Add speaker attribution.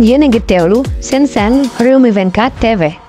Speaker 1: Jene Getelu, Sensang, Rumi Venkat Teve.